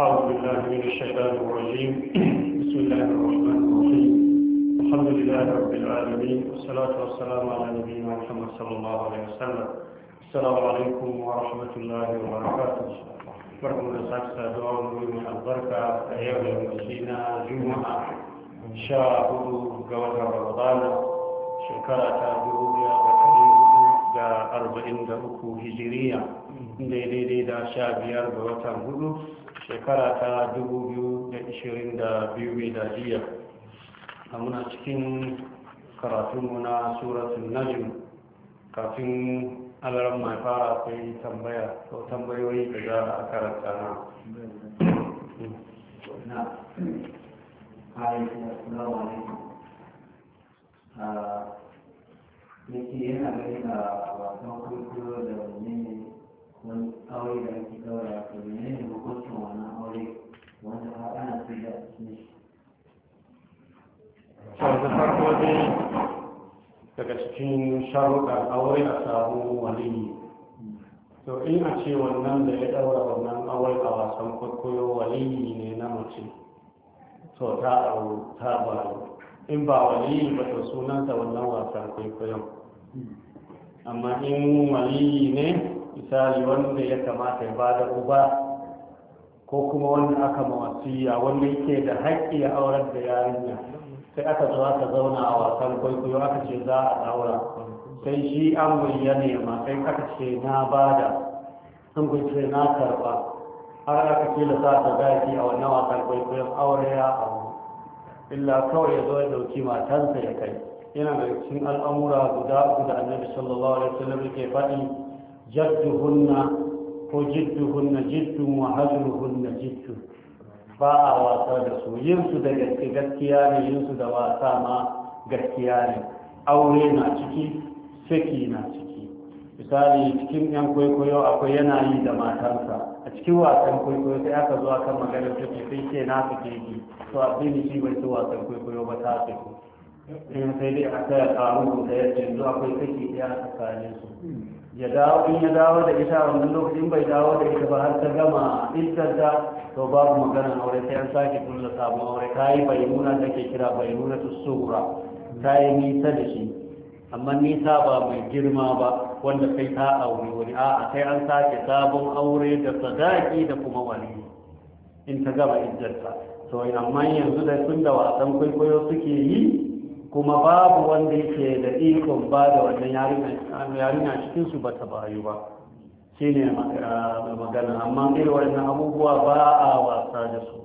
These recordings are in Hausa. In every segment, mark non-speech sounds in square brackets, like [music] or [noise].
أعوذ بالله من الشيطان الرجيم [clears throat] بسم الله الرحمن الرحيم الحمد لله رب العالمين والصلاة والسلام على نبينا محمد صلى الله عليه وسلم السلام عليكم ورحمة الله وبركاته بركم رسالة سادوان من البركة أيام المسينة جمعة شاء قوة رمضان شكرا تابعوا da arba'in da uku hijiriya daidai da sha biyar ga watan hudu shekara ta 2022 miladiya a muna cikin karatunmu na suratun najm kafin alaran mai fara akwai tambaya ko tambayoyi da za a karanta na ah, yake yana gani na wasan kwaikwayo da wani aure da ake daura to mene ne hukuncin wannan aure wanda har ana fi da shi sau da farko dai daga cikin sharuɗan aure a samu waliyi to in a ce wannan da ya ɗaura wannan aure a wasan kwaikwayo waliyi ne na mace to ta auru ta bayo in ba waliyi ba to sunanta wannan wasan kwaikwayon amma in waliyi ne misali wanda ya kamata ya bada uba ko kuma wanda aka mawasiya wanda yake da haƙƙi ya aurar da yarinya sai aka zo aka zauna a wasan kwaikwayo aka ce za a daura sai shi an ya nema sai aka ce na bada an ce na karba har aka ce da sa ta zaki a wannan wasan kwaikwayon aure ya abu illa kawai ya zo ya dauki matansa ya kai yana da cikin al'amura guda uku da annabi sallallahu alaihi wasallam yake faɗi jadduhunna ko jidduhunna jiddun wa ba a wasa da su yin su da gaske gaskiya ne yin su da wasa ma gaskiya ne aure na ciki saki na ciki misali cikin yan kwaikwayo akwai yana yi da matarsa a cikin wasan kwaikwayo sai aka zuwa kan maganar ta ce sai ke na sake to a sai shi bai ci wasan kwaikwayo ba ta sake in sai dai aka yi karu da yadda yanzu akwai saki ɗaya tsakanin tsakaninsu ya dawo in ya dawo da ita wannan lokacin bai dawo da ita ba har ta gama da to babu maganar aure sai an sake kulla sabon aure ta yi bayyuna da ke kira bayyuna ta sura ta yi nisa da shi amma nisa ba mai girma ba wanda kai ta aure wani a'a sai an sake sabon aure da sadaki da kuma wali in ta gama iddanta to amma yanzu da tun da wasan kwaikwayo suke yi kuma babu wanda yake da ikon ba da wannan yarinya cikinsu ba ta bayu ba shi ne uh, magana amma irin wannan abubuwa ba a wasa da su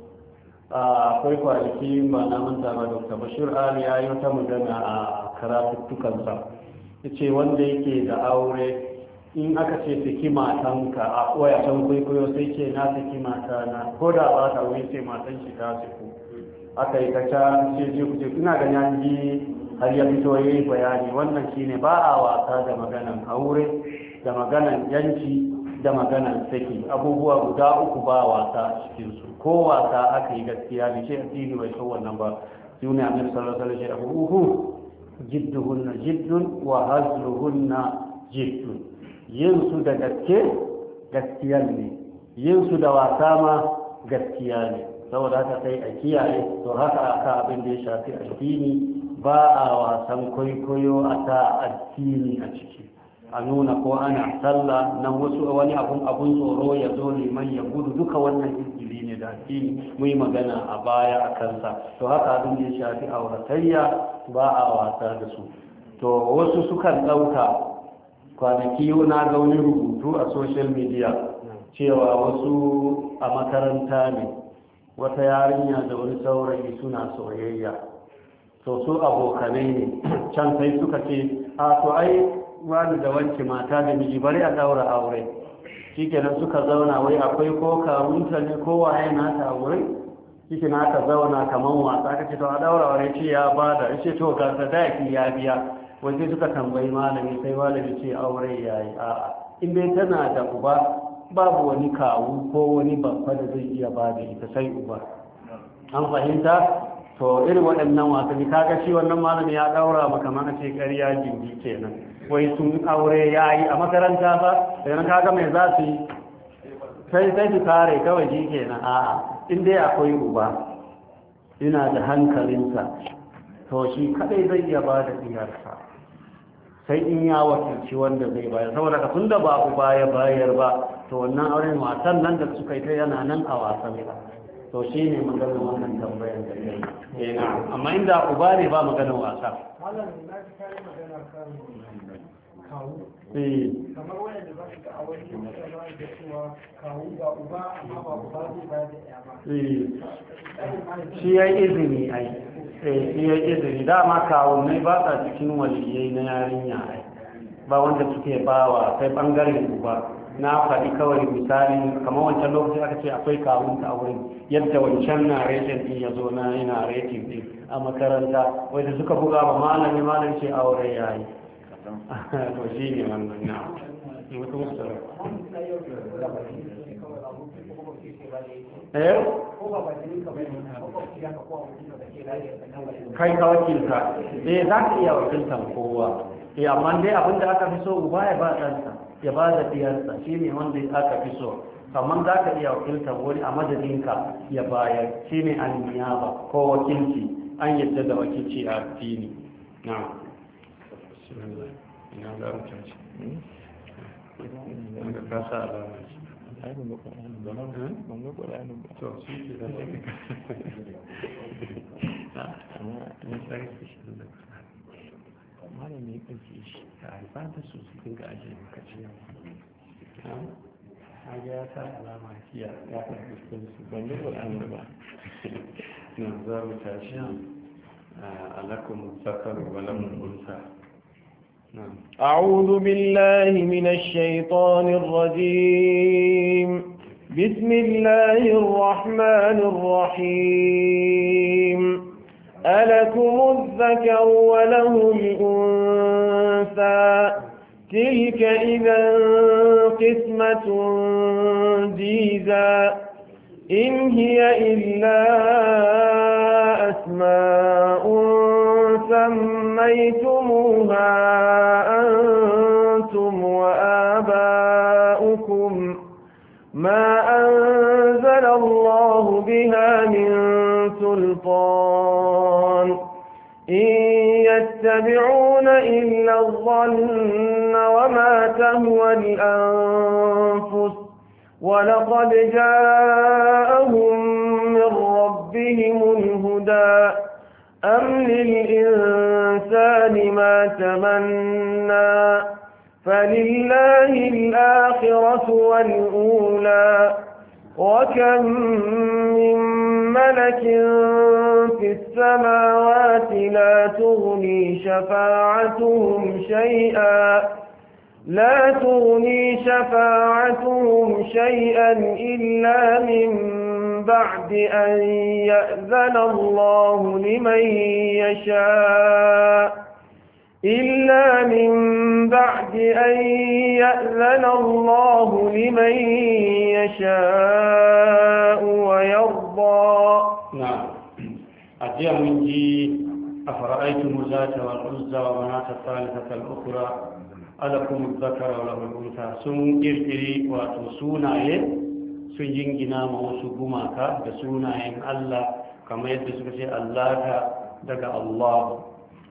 uh, akwai kwanaki ba na manta ba dr bashir ali ya yi wata magana a sa. ya ce wanda yake da aure in aka ce saki matanka a koya can kwaikwayo sai ce na saki matana ko da ba ta wuce matan shi ta siku aka yi kaca ce je ina ga yanji har ya fito ya yi bayani wannan shine ba a wasa da maganan aure da maganan yanci da maganan saki abubuwa guda uku ba wasa a cikinsu ko wasa aka yi gaskiya ne shi asini bai kawo wannan ba yuni annabi sallallahu alaihi abu shi jidduhunna jiddun wa hazluhunna jiddun yin su da gaske gaskiya ne yin su da wasa ma gaskiya ne saboda haka sai a kiyaye to haka aka abin da ya shafi addini ba a wasan kwaikwayo a ta addini a ciki a nuna ko ana sallah nan wasu wani abun abun tsoro ya zo neman ya gudu duka wannan izgiri ne da addini mu magana a baya a kansa to haka abin da ya shafi auratayya ba a wasa da su to wasu sukan ɗauka kwanaki na ga wani rubutu a social media cewa wasu a makaranta ne wata yarinya da wani saurayi suna soyayya to su abokanai ne [clears throat] can sai suka ce a to ai wani da wanke mata da miji bari a daura aure shikenan suka zauna wai akwai ko karunta ne ko waye na ta aure shike na zauna kamar wasa ka ce to a daura aure ce ya bada ce to ga sadaki ya biya wai sai suka tambayi malami sai malami ce aure yayi a'a in dai tana da uba babu wani kawu ko wani babba da zai iya ba da ita sai uba an fahimta to irin waɗannan wasanni kaga shi wannan malami ya ɗaura ba kamar a ce ƙarya gindi kenan wai sun aure ya yi a makaranta ba Da ka kaga mai za su yi sai sai su kare kawai ji kenan a'a in dai akwai uba ina da hankalinta. to shi kadai zai iya ba da diyarsa sai in ya wakilci wanda zai bayar saboda ka da ba uba ya bayar ba to wannan auren wasan nan da suka yi ta yana nan a wasan to shi ne maganin wannan tambayar da ya yi eh, amma inda uba ne ba maganin wasa kawo eh. kamar wanda ba su ga wani da cewa kawo ga uba amma ba uba ba da ya ba eh. shi ya izini ai shi ya izini dama kawo mai ba ta cikin waliyyai na yarinya ai ba wanda suke bawa sai bangaren uba na faɗi kawai misali kamar wancan lokacin aka ce akwai kawunta a wurin yadda wancan na retin din ya zo na yana retin din a makaranta wadda suka buga ba malami malam ce aure ya yi [laughs] to shi ne wannan na eh? kai ka wakilta eh za ka iya wakiltan kowa eh amma dai abinda aka fi so uba ya ba ɗansa ya ba da fiyarsa shi ne wanda aka fi so kamar za ka iya wakiltar wani a madadinka ya bayar shi ne ba ko wakilci an yadda da wakilci a fini na Thank you. mana ne kake shi ka haifa ta su su dinga ajiye maka ciya haga ya sa alama kiya ya ta fuskan su ban yi ƙul'an ba na za mu tashi alakum zakar walamun unsa أعوذ بالله من الشيطان الرجيم بسم الله الرحمن الرحيم ألكم الذكر وله الأنثى تلك إذا قسمة ديزا إن هي إلا أسماء سميتموها أنتم وآباؤكم ما أنزل الله بها من سلطان إن يتبعون إلا الظن وما تهوى الأنفس ولقد جاءهم من ربهم الهدى أم للإنسان ما تمنى فلله الآخرة والأولى وكم من ملك في السماوات لا تغني شفاعتهم شيئا لا تغني شفاعتهم شيئا إلا من بعد أن يأذن الله لمن يشاء إلا من بعد أن يأذن الله لمن يشاء ويرضى نعم أجي من جي أفرأيتم الذات والعزى ومناة الثالثة الأخرى ألكم الذكر وله الأنثى سن إرتري وتوسونا sun jingina ma wasu gumaka da sunayen Allah kamar yadda suka ce Allah daga Allah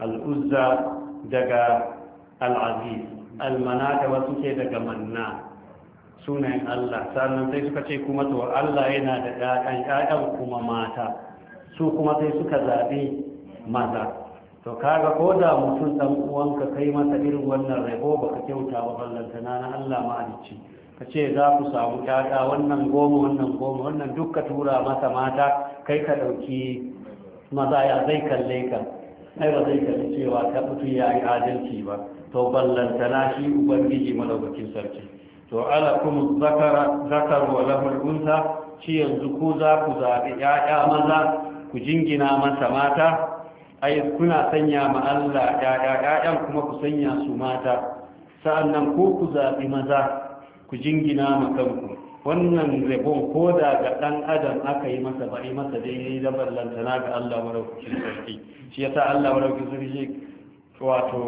al'uzza daga al'aziz almana da wasu ke daga manna sunayen Allah sannan sai suka ce kuma to Allah yana da ƴaƴan ƴaƴan kuma mata su kuma sai suka zaɓi maza to kaga ko da mutum ɗan uwanka kai masa irin wannan rabo baka kyauta ba ballantana na Allah ma'alicci ka ce za ku samu ƴaƴa wannan goma wannan goma wannan duk ka tura masa mata kai ka ɗauki maza ya zai kalle ka ai ba zai kalli cewa ta mutum ya yi adalci ba to ballantana shi ubangiji madaukakin sarki to ala kuma zakar wa lahul unta shi yanzu ku za ku zaɓi 'ya'ya maza ku jingina masa mata ai kuna sanya ma Allah 'ya'ya, 'ya'yan kuma ku sanya su mata sa'annan ko ku zaɓi maza ku jingina ma kanku wannan rabon ko da ga ɗan adam aka yi masa ba yi masa daidai da ballantana ga Allah maraukakin sarki shi yasa Allah maraukakin sarki wato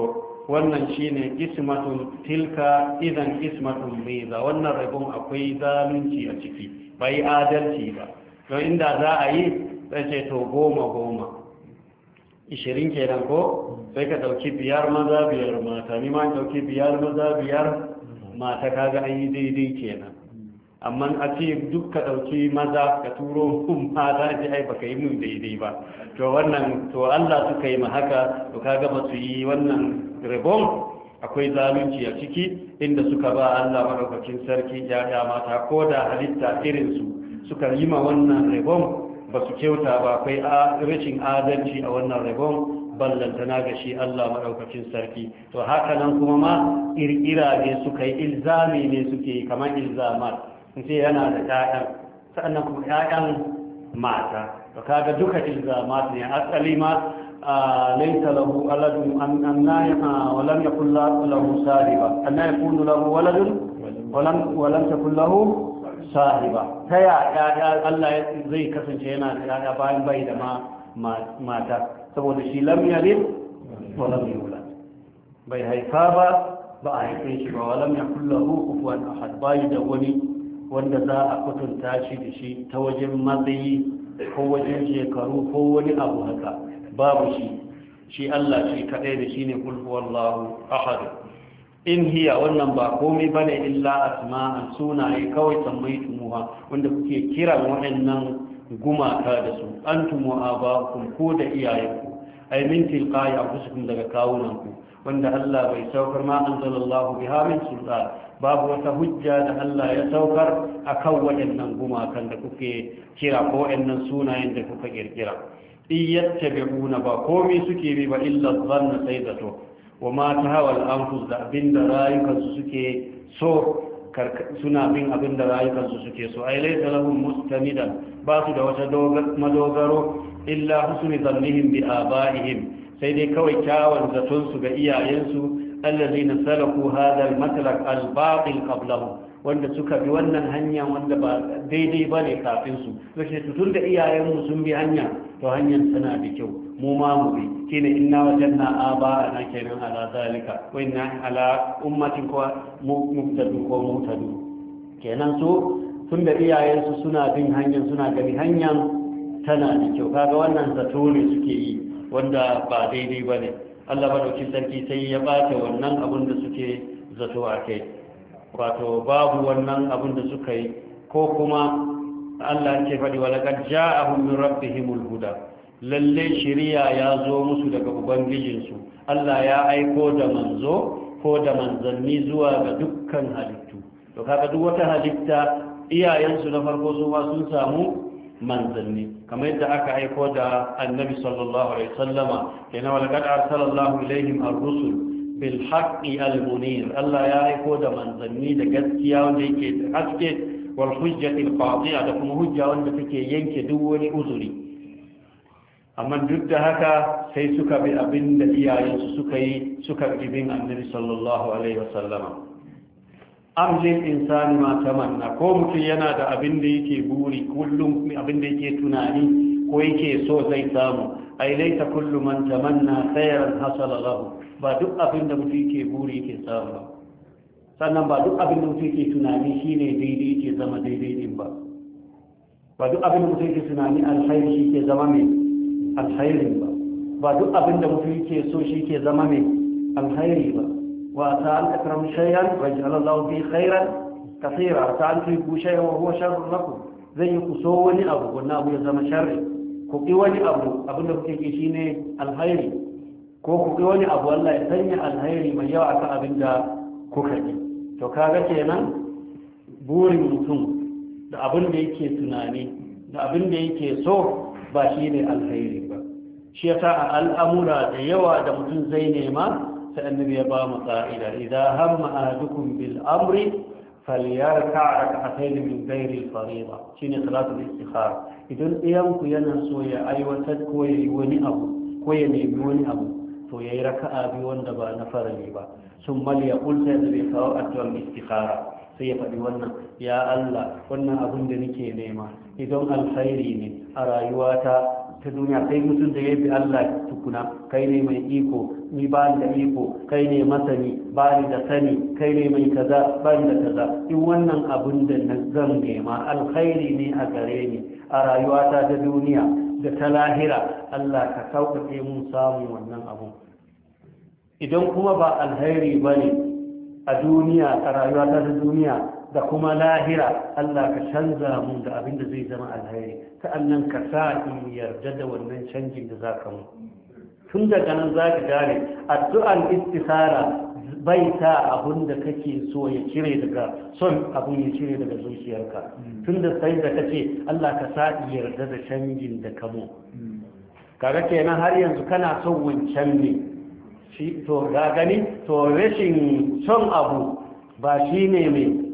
wannan shine ismatun tilka idan ismatun meza wannan rabon akwai zalunci a ciki bai adalci ba don inda za a yi sai ce to goma goma ishirin kenan ko sai ka dauki biyar maza biyar mata ni ma dauki biyar maza biyar mata kaga an yi daidai kenan amma a ce duk ka ɗauki maza ka turo kun [laughs] maza ji ai baka yi mun daidai ba to wannan to Allah suka yi ma haka to kaga ba su yi wannan ribon akwai zalunci a ciki inda suka ba Allah madaukakin sarki yaya mata ko da halitta irin su suka yi ma wannan ribon ba su kyauta ba akwai rashin adalci a wannan ribon ballantana ga shi Allah maɗaukacin sarki to haka nan kuma ma ƙirƙira ne suka yi ilzami ne suke kamar ilzamar in ce yana da ƴaƴan sannan kuma ƴaƴan mata to kaga duka ilzamat ne asali ma laysa lahu aladun an annaya wa lam yakul lahu sahiba annaya yakunu lahu waladun wa lam takul lahu sahiba ta ya ƴaƴa Allah zai kasance yana da ƴaƴa bayan bai da ma mata saboda shi lam yalid wa lam yulad bai haifa ba ba a haife shi ba wa lam yakul lahu kufuwan ahad bai da wani wanda za a kutunta shi da shi ta wajen matsayi ko wajen shekaru ko wani abu haka babu shi shi Allah shi kaɗai da shi ne kulhu wallahu in hiya wannan ba komai bane illa asma'an sunaye kawai tambayi tumuha wanda kuke kiran waɗannan gumaka da su antum wa abakum ko da iyayenku ay min tilqa'i anfusikum daga kawunanku wanda Allah bai saukar ma anzalallahu biha min sultan babu wata hujja da Allah ya saukar akan waɗannan gumakan da kuke kira ko waɗannan sunayen da kuka kirkira iyattabi'una ba komai suke bi ba illa dhanna sai da to wa ma hawal anfus da abinda rayukansu suke so suna bin abin da rayukansu suke so ai laisa lahum mustamidan ba su da wata madogaro illa husni zannihim bi abaihim sai dai kawai kyawun zaton su ga iyayensu allazina salaku hadha al-matlaq al-batil qablahum wanda suka bi wannan hanya wanda ba daidai ba ne kafin su rashin tutun da iyayenmu sun bi hanya to hanyar tana da kyau mu ma mu bi kina inna wajanna aba ana kenan ala zalika wa inna ala ummatin ko muqtadu ko muqtadu kenan so tun da su suna bin hanyar suna gani hanyar tana da kyau kaga wannan zato ne suke yi wanda ba daidai ba ne Allah madaukin sarki sai ya bata wannan abin da suke zato a kai wato babu wannan abin da suka yi ko kuma Allah ce faɗi wa laqad ja'ahum min rabbihimul huda lalle shiriya ya zo musu daga su Allah ya aiko da manzo ko da manzanni zuwa ga dukkan halittu to kaga duk wata halitta iyayensu na farko su ma sun samu manzanni kamar yadda aka aiko da annabi sallallahu alaihi wasallama yana walaqad arsalallahu ilaihim ar-rusul bil haqqi al-munir Allah ya aiko da manzanni da gaskiya wanda yake haske wal hujjati al-qati'a da kuma hujja wanda take yanke duk wani uzuri amma duk da haka sai suka bi abin da iyayensu suka yi suka bi bin annabi sallallahu alaihi wasallama amlin insani ma tamanna ko mutum yana da abin da yake buri kullum abin da yake tunani ko yake so zai samu ai laita kullu man tamanna khayran hasala lahu ba duk abin da mutum yake buri yake samu ba sannan ba duk abin da mutum yake tunani shine daidai yake zama daidai din ba ba duk abin da mutum yake tunani alkhairi shi ke zama mai alkhairi ba ba duk abin da mutum yake so shi ke zama mai alkhairi ba وسأل أكرم شيئا ويجعل الله فيه خيرا كثيرا سأل فيه شيئا وهو شر لكم zai yi kuso wani abu wannan abu ya zama sharri ku wani abu abinda kuke ki shine alhairi ko ku wani abu Allah ya sanya alhairi mai yawa akan abin da kuka ƙi to kaga kenan burin mutum da abin da yake tunani da abin da yake so ba shine ba shi a al'amura da yawa da mutum zai nema sai annabi ya ba mu ka'ida idan hamma ahadukum bil amri falyarka rak'atayn min ghairi fariida shine salatul istikhara idan ɗayan ku yana so ya aiwatar ko ya yi wani abu ko ya nemi wani abu to yi raka'a bi wanda ba na farali ba sun mal ya kulta da bai kawo addu'ar istikhara sai ya faɗi wannan ya Allah wannan abin da nake nema idan alkhairi ne a rayuwata ta duniya kai mutum da ya bi Allah tukuna kai ne mai iko ni ba ni da iko kai ne masani ba ni da sani kai ne mai kaza ba ni da kaza in wannan abin da na zan nema alkhairi ne a gare ni a rayuwata ta duniya da ta lahira Allah ka sauƙaƙe mun samun wannan abun. idan kuma ba alkhairi ba ne a duniya a rayuwata ta duniya da kuma lahira Allah ka canza mu da abin da zai zama ta annan ka sa in yarda da wannan canjin da za ka mu tun daga nan za ka gane addu'an istisara bai sa abin da kake so ya cire daga son abin ya cire daga zuciyarka tun da sai da kace Allah ka sa yarda da canjin da ka mu kaga kenan har yanzu kana son wancan ne to ga gani to rashin son abu ba shi ne mai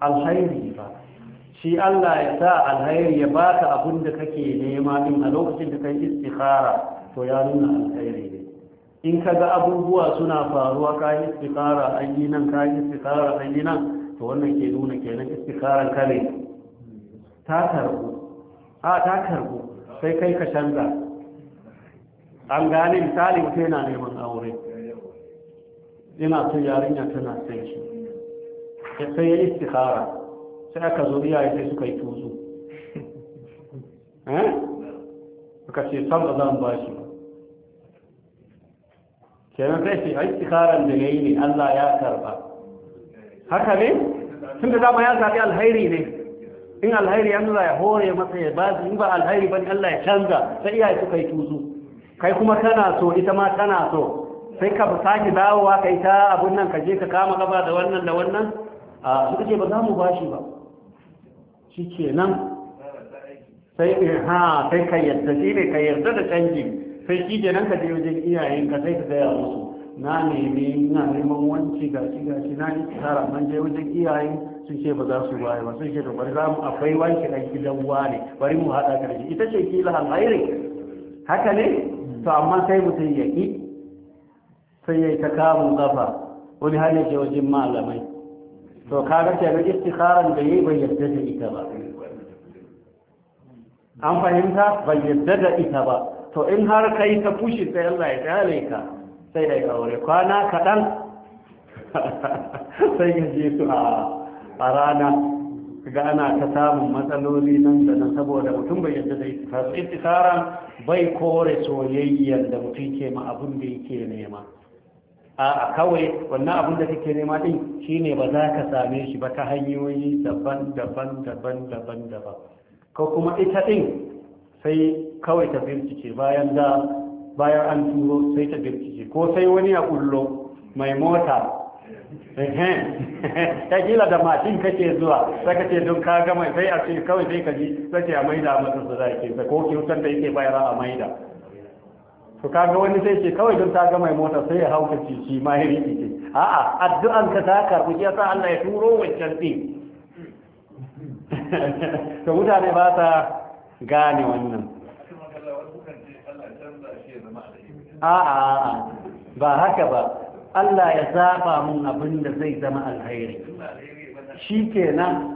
alhairi ba shi Allah ya sa alhairi ya baka abin da kake nema din a lokacin da kai istikhara to ya nuna alhairi ne in ka ga abubuwa suna faruwa ka yi istikhara an yi nan ka yi istikhara an yi nan to wannan ke nuna kenan istikhara kare ta karbu a ta karbu sai kai ka canza an gane misali mutum yana neman aure ina son yarinya tana son shi sai ya istihara sai aka zo iyaye sai suka yi tuzu eh suka ce sam ba zan ba shi kenan sai ce istiharan da yayi ne Allah ya karba haka ne tun da dama ya zabi alhairi ne in alhairi an ya hore masa ya bazi in ba alhairi ne, Allah ya canza sai iyaye suka yi tuzu kai kuma kana so ita ma kana so sai ka sake dawowa kai ta abun nan ka je ka kama gaba da wannan da wannan a suka ce ba za mu bashi ba shi ke nan sai ha sai ka yarda shi ne ka yadda da canji sai shi ke nan ka je wajen ka sai ka gaya musu na nemi na neman wanci ga shi na yi tara man je wajen iyayen sun ce ba za su baya ba sun ce to bari za mu akwai wanki dan gidan wane bari mu haɗa shi ita ce kila alhairi haka ne to amma sai mutum ya ki sai ya ta kamun kafa wani hali ke wajen malamai to kaga kenan istikharan da yayi bai yarda da ita ba an fahimta bai yarda da ita ba to in har kai ta fushi sai Allah ya tsare ka sai dai aure kwana kaɗan [laughs] sai ya je su a rana ga ana ta samun matsaloli nan da nan saboda mutum bai yadda da ita. istikharan bai kore soyayyar da mutum ke ma abin da yake nema a kawai wannan abin da kake nema din shine ba za ka same shi ba ta hanyoyi daban-daban daban-daban daban ko kuma ita din sai kawai ta bincike bayan da bayan an turo sai ta bincike ko sai wani ya kullo mai mota [laughs] ta kila da mashin kake zuwa saka ce don ka gama sai a ce kawai sai ka ji sake a maida masa su zaki ko kyautar da yake bayar a maida to kaga wani sai ce kawai don ta ga mai mota sai ya hauka ci ma ya riƙe ce a'a addu'an ka ta karbu ya sa Allah ya turo wancan din [laughs] to mutane ba ta gane wannan a'a ba haka ba Allah ya zaba mun abin da zai zama alheri shi kenan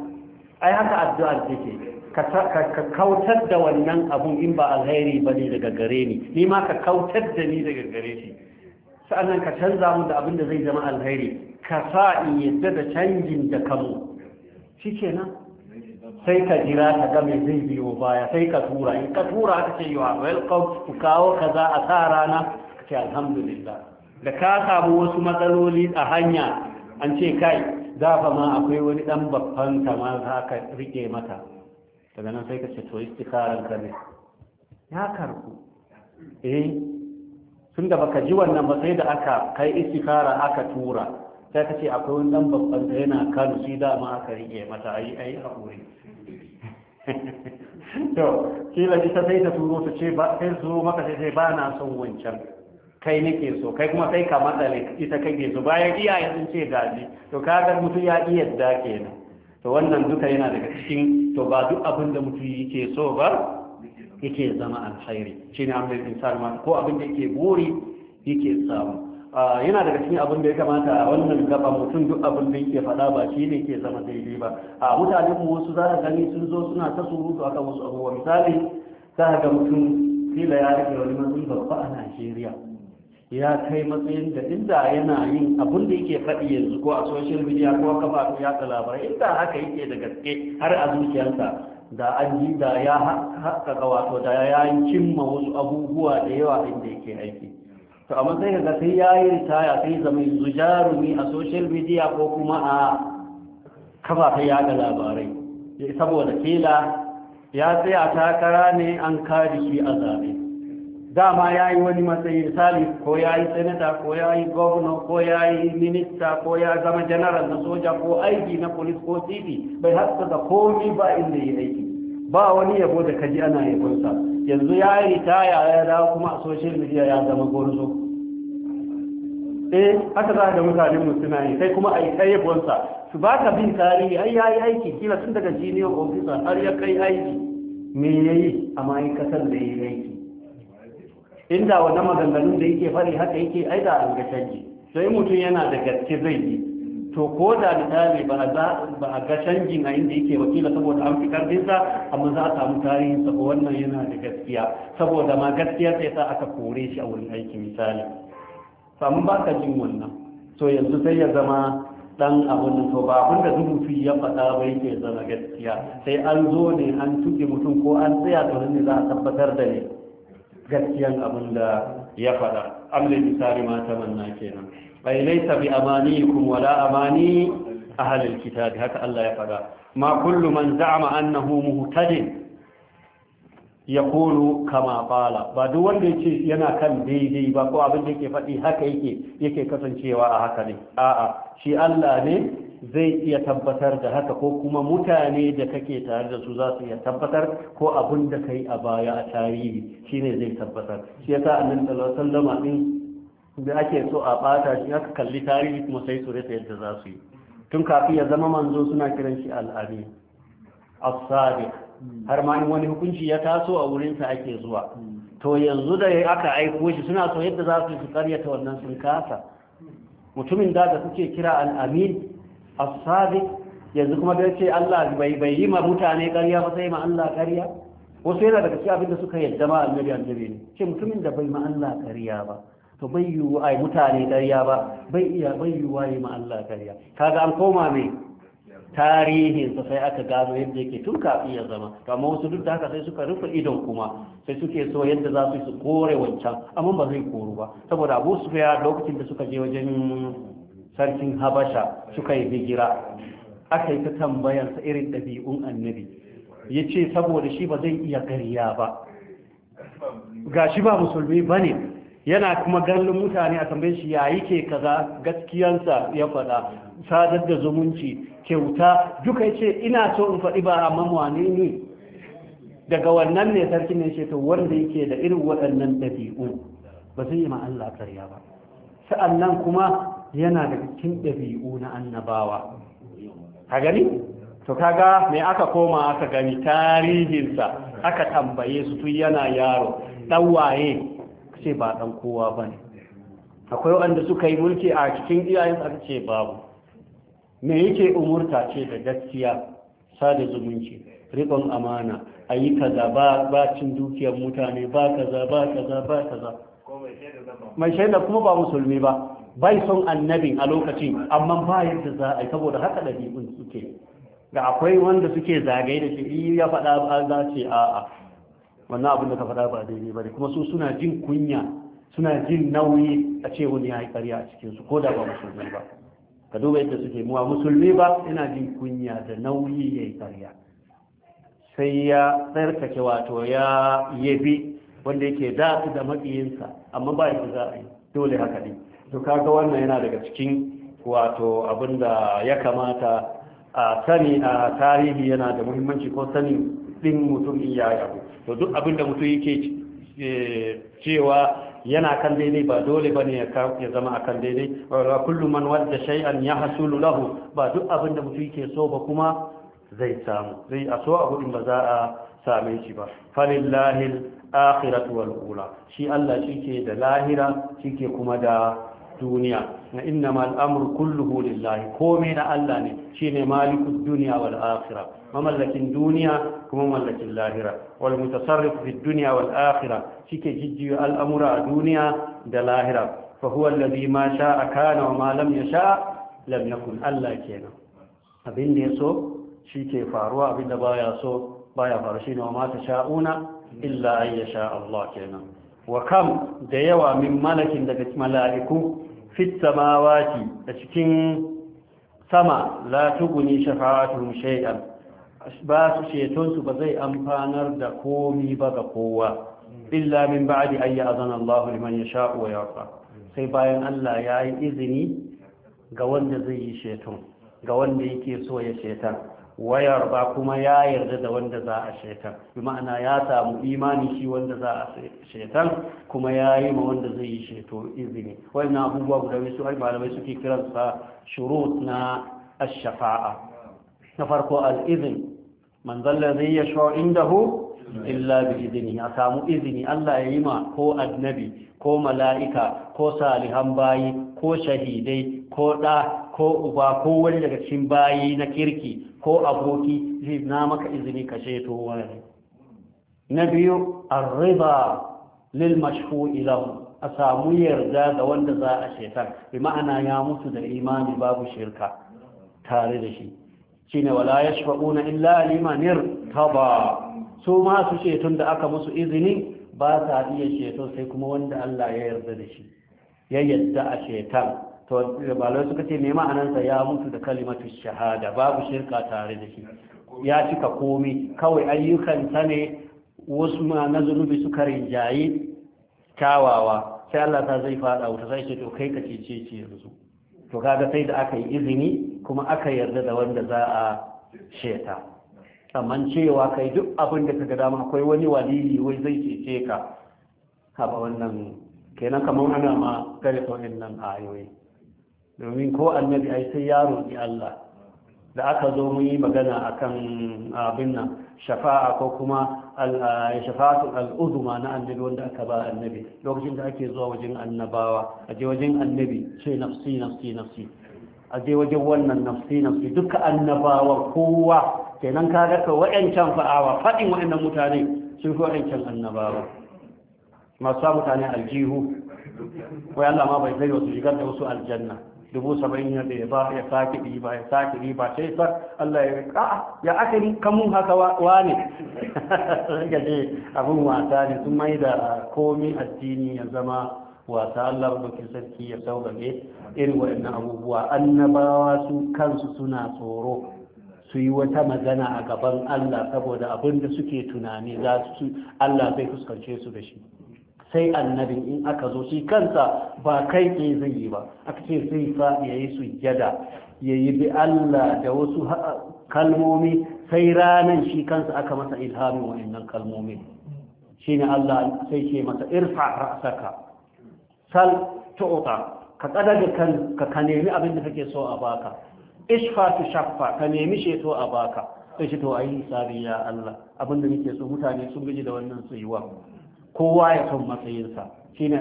ai haka addu'ar take ka kautar da wannan abun in ba alheri ba ne daga gare ni ni ma ka kautar da ni daga gare shi sa'annan ka canza mun da abin da zai zama alheri ka sa in yadda da canjin da kamo shi kenan sai ka jira ka ga mai zai biyo baya sai ka tura in ka tura ka ce yawa welcome ku kawo kaza a sa rana ka ce alhamdulillah da ka samu wasu matsaloli a hanya an ce kai dafa ma akwai wani dan babban kamar za ka rike mata daga nan sai ka ce to istikaran ka ne ya karku eh tun da baka ji wannan ba sai da aka kai istikara aka tura sai ka ce akwai wani dan babban da yana kano shi da ma aka rike mata ayi ayi hakuri [laughs] to kila ita sai ta turo su ce ba sai zo maka sai sai ba na son wancan kai nake so kai kuma sai ka matsale ita kake so bayan iyaye sun ce gaji to kaga mutum ya iya da kenan to wannan duka yana daga cikin to ba duk abin da mutum yake so ba yake zama alkhairi shi ne amin insan ma ko abin da yake buri yake samu yana daga cikin abin da ya kamata a wannan gaba mutum duk abin da yake faɗa ba shi ne ke zama daidai ba a mutane mu wasu za ka gani sun zo suna ta surutu akan wasu abubuwa misali za ka ga mutum kila ya rike wani matsayi babba a najeriya ya kai matsayin da inda yana yin abin da yake faɗi yanzu ko a social media ko a kafafen yatsa labarai inda haka yake da gaske har a zuciyarsa da an ji da ya haƙaƙa wato da ya yi cimma wasu abubuwa da yawa inda yake aiki to a matsayin da sai ya yi ritaya sai zama yanzu jarumi a social media ko kuma a kafafen yaɗa labarai saboda kila ya tsaya takara ne an kare shi a zaɓe dama ya yi wani matsayi misali ko ya yi senata ko ya yi governor ko ya yi minista ko ya zama general na soja ko aiki na polis ko city bai haska da komi ba inda yi aiki ba wani yabo da kaji ana yabonsa yanzu ya yi ritaya ya dawo kuma a social media ya zama gonzo eh haka za da mutanen mu suna yi sai kuma a yi kai yabonsa su ba ka bin tarihi ai ya yi aiki kila tun daga junior officer har ya kai aiki me ya yi a ma'aikatar da ya yi aiki inda wannan maganganun da yake fari haka yake ai da an ga shanji. sai mutum yana da gaske zai yi to ko da misali ba a ga shanji a inda yake wakila saboda an fi karfinsa amma za a samu tarihin sa wannan yana da gaskiya saboda ma gaskiya sai sa aka kore shi a wurin aiki misali samun ba ka jin wannan to yanzu sai ya zama dan abun to ba abin da fi ya faɗa ba yake zama gaskiya sai an zo ne an tuke mutum ko an tsaya to ne za a tabbatar da ne gaskiyan abin da ya faɗa amri misali ma manna kenan bai laisa bi amanikum wala amani ahlul kitab haka Allah ya faɗa ma kullu man za'ama annahu muhtadin yaqulu kama qala ba duk wanda yace yana kan daidai ba ko abin da yake faɗi haka yake yake kasancewa a haka ne a'a shi Allah ne zai iya tabbatar da haka ko kuma mutane da kake tare da su za su iya tabbatar ko abin da kai a baya a tarihi shine zai tabbatar shi yasa annabi sallallahu alaihi wasallam din da ake so a bata shi aka kalli tarihi kuma sai su rasa yadda za su yi tun kafin ya zama manzo suna kiran shi al'ami as-sadiq har ma wani hukunci ya taso a wurinsa ake zuwa to yanzu da aka aiko shi suna so yadda za su su karyata wannan sun kasa mutumin da da suke kira al'amin asabi yanzu kuma da ce Allah bai bai yi ma mutane ƙarya ba sai ma Allah ƙarya wasu yana daga cikin abin da suka yadda ma annabi annabi ne ce mutumin da bai ma Allah ƙarya ba to bai wa ai mutane ƙarya ba bai iya bai yi wa ma Allah ƙarya kaga an koma mai tarihinsa sai aka gano yadda yake tun kafin ya zama to amma wasu duk da haka sai suka rufe idon kuma sai suke so yadda za su yi su kore wancan amma ba zai koru ba saboda abu su lokacin da suka je wajen sarkin habasha suka yi bigira aka yi ta tambayarsa irin ɗabi'un annabi ya ce saboda shi ba zai iya ƙarya ba ga shi ba musulmi ba ne yana kuma ganin mutane a tambayin shi ya yi ke kaza gaskiyansa ya faɗa sadar da zumunci kyauta duka ya ce ina so in faɗi ba amma wane ne daga wannan ne sarki ne ce to wanda yake da irin waɗannan ɗabi'u ba zai yi ma Allah ƙarya ba nan kuma yana da cikin ɗabi'u na annabawa Ka gani to kaga me aka koma aka gani tarihinsa aka tambaye su tun yana yaro ɗan waye ce ba ɗan kowa ba ne akwai wanda suka yi mulki a cikin iyayen aka ce babu me yake umurta ce da gaskiya sada zumunci riƙon amana a yi kaza ba cin dukiyar mutane ba kaza ba kaza ba kaza mai shaida kuma ba musulmi ba bai son annabin a lokacin amma ba yadda za a saboda haka ɗabi'un suke ga akwai wanda suke zagaye da shi ya faɗa ba za ce a'a wannan abin da ka faɗa ba daidai ba ne kuma su suna jin kunya suna jin nauyi a ce wani ya yi ƙarya a cikin su ko da ba musulmi ba ka duba yadda suke muwa musulmi ba ina jin kunya da nauyi ya yi ƙarya sai ya tsarkake wato ya yabi wanda yake da da maƙiyinsa amma ba yadda za a yi dole haka ne to kaga wannan yana daga cikin wato abinda ya kamata a sani a tarihi yana da muhimmanci ko sani din mutum in ya yabu to duk abinda mutum yake eh, cewa yana kan daidai ba dole bane ya ya zama akan daidai wa kullu man wadda shay'an hasulu lahu ba duk abinda mutum yake so ba kuma zai samu zai a so a din ba za a same shi ba Farin akhiratu wal ula shi Allah shike da lahira shike kuma da duniya na inna al'amur kulluhu lillahi komai na Allah ne shine malikud duniya wal akhira mamallakin duniya kuma mallakin lahira wal mutasarrif fi duniya wal akhirah shike jijjiyo al'amura a duniya da lahira fa huwa alladhi ma sha'a kana wa ma lam yasha lam yakun Allah kenan abin da yaso shike faruwa abin da baya so baya faru shine wa ma tasha'una illa an yasha Allah kenan wa kam da yawa min malakin daga mala'iku fit ki a cikin sama la tuguni shafa'atuhum shay'an ba su ceton su ba zai amfanar da komi ba ga kowa illa min ba'di an ya'zana Allah liman yasha'u wa yarda sai bayan Allah ya yi izini ga wanda zai yi ceton ga wanda yake so ya ceton wayar ba kuma ya yarda da wanda za a shaitan bi ma'ana ya samu imani shi wanda za a shetan kuma ya yi ma wanda zai yi sheto izini wannan abubuwa guda biyu su malamai suke kiransa shurut na ashafa'a na farko al-izin man ya zai yashu indahu illa bi izini a samu izini Allah ya yi ma ko annabi ko mala'ika ko salihan bayi ko shahidai ko ɗa ko uba ko wani daga cikin bayi na kirki ko aboki zai na maka izini ka to wani na biyu arriba lil mashfu a samu yarda da wanda za a shetar bi ma'ana ya mutu da imani babu shirka tare da shi shine wala yashfa'una illa liman irtaba su ma su shetun da aka musu izini ba sa iya sheto sai kuma wanda Allah ya yarda da shi ya yarda a shetar to balai suka ce me sa ya mutu da kalimatu shahada babu shirka tare da shi ya cika komi kawai ayyukan ne wasu ma na zunubi suka rinjaye kyawawa sai Allah ta zai fada wuta sai ce to kai ka ce ce yanzu to kaga sai da aka yi izini kuma aka yarda da wanda za a sheta amma cewa kai duk abin da kaga dama akwai wani walili wai zai ce ka haba wannan kenan kamar ana ma gare ta nan ayoyi domin ko annabi ai sai ya roƙi Allah da aka zo mun yi magana akan abin nan shafa'a ko kuma shafa'atu al'uduma na annabi wanda aka ba annabi lokacin da ake zuwa wajen annabawa a je wajen annabi ce nafsi nafsi nafsi a je wajen wannan nafsi nafsi duka annabawa kowa kenan ka ga ka wa'ancan fa'awa faɗin wa'annan mutane sun fi wa'ancan annabawa masu sa mutane aljihu wai Allah ma bai zai wasu shigar da wasu aljanna dubu saba'in ya bai ba ya sake riba ya sake riba sai sa Allah ya ka ya aka ni kamun haka wa ne ga [laughs] ce abin wasa ne sun mai da komi addini ya zama wasa Allah bakin sarki ya saurare irin waɗannan abubuwa annabawa su kansu suna tsoro su yi wata magana a gaban Allah saboda abin da suke tunani za su Allah zai fuskance su da shi sai annabi in aka zo shi kansa ba kai ke zai yi ba aka ce sai fa ya yi sujjada ya yi bi Allah da wasu kalmomi sai ranan shi kansa aka masa ilhamin wa'annan kalmomi shi ne Allah sai ce masa irfa ra'saka sal tu'ta ka kada kan ka nemi abin da kake so a baka ishfa tu shaffa ka nemi sheto a baka sai shi to ayi sabi ya Allah abin da nake so mutane sun gaji da wannan su yi wa kowa ya san matsayinsa shine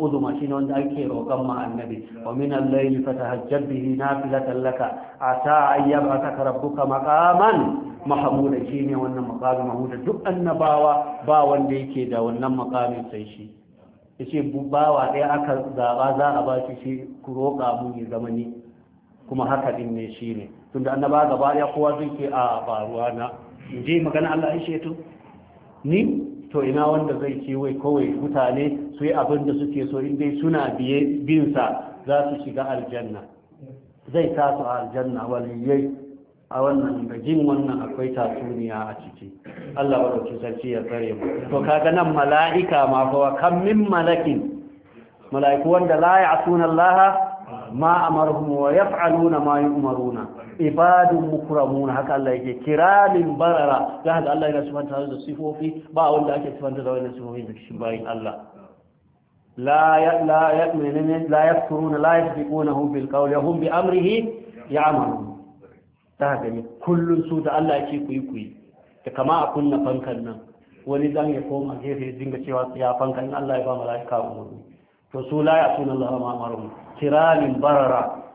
uzuma shi shine wanda ake roƙon ma annabi wa min al-layli fatahajjab bihi nafilatan laka asa ayyaba ka rabbuka maqaman shi ne wannan maqami mahamuda duk annabawa ba wanda yake da wannan maqami sai shi yace bawa ɗaya aka zaba za a ba shi ku roƙa mu ya zama ni kuma haka din ne ne. tunda annaba gaba ɗaya kowa zai ke a baruwa na je magana Allah ya sheto ni to ina wanda zai ce wai kawai mutane su yi abin da suke so in dai suna biye binsa? za su shiga aljanna zai taso a aljanna waliyai a wannan da jin wannan akwai tatsuniya a ciki Allah wa dauki sarki ya tsare mu to kaga nan mala'ika ma fa kan min malakin mala'iku wanda la ya'tuna Allah ma amaruhum wa yaf'aluna ma yu'maruna ibadun mukramun haka Allah yake kiramin barara za ga Allah yana sifanta da sifofi ba wanda ake sifanta da wannan sifofi da shi bayin Allah la ya la ya menene la yakfuruna la yasbiqunahu bil qawli hum bi amrihi ya'malun ta gani kullun su da Allah yake kuyi kuyi da kama a kunna fankan nan wani zan ya koma gefe ya dinga cewa ya fankan Allah ya ba mala'ika umarni to su la ya sunan Allah ma amaru kiramin barara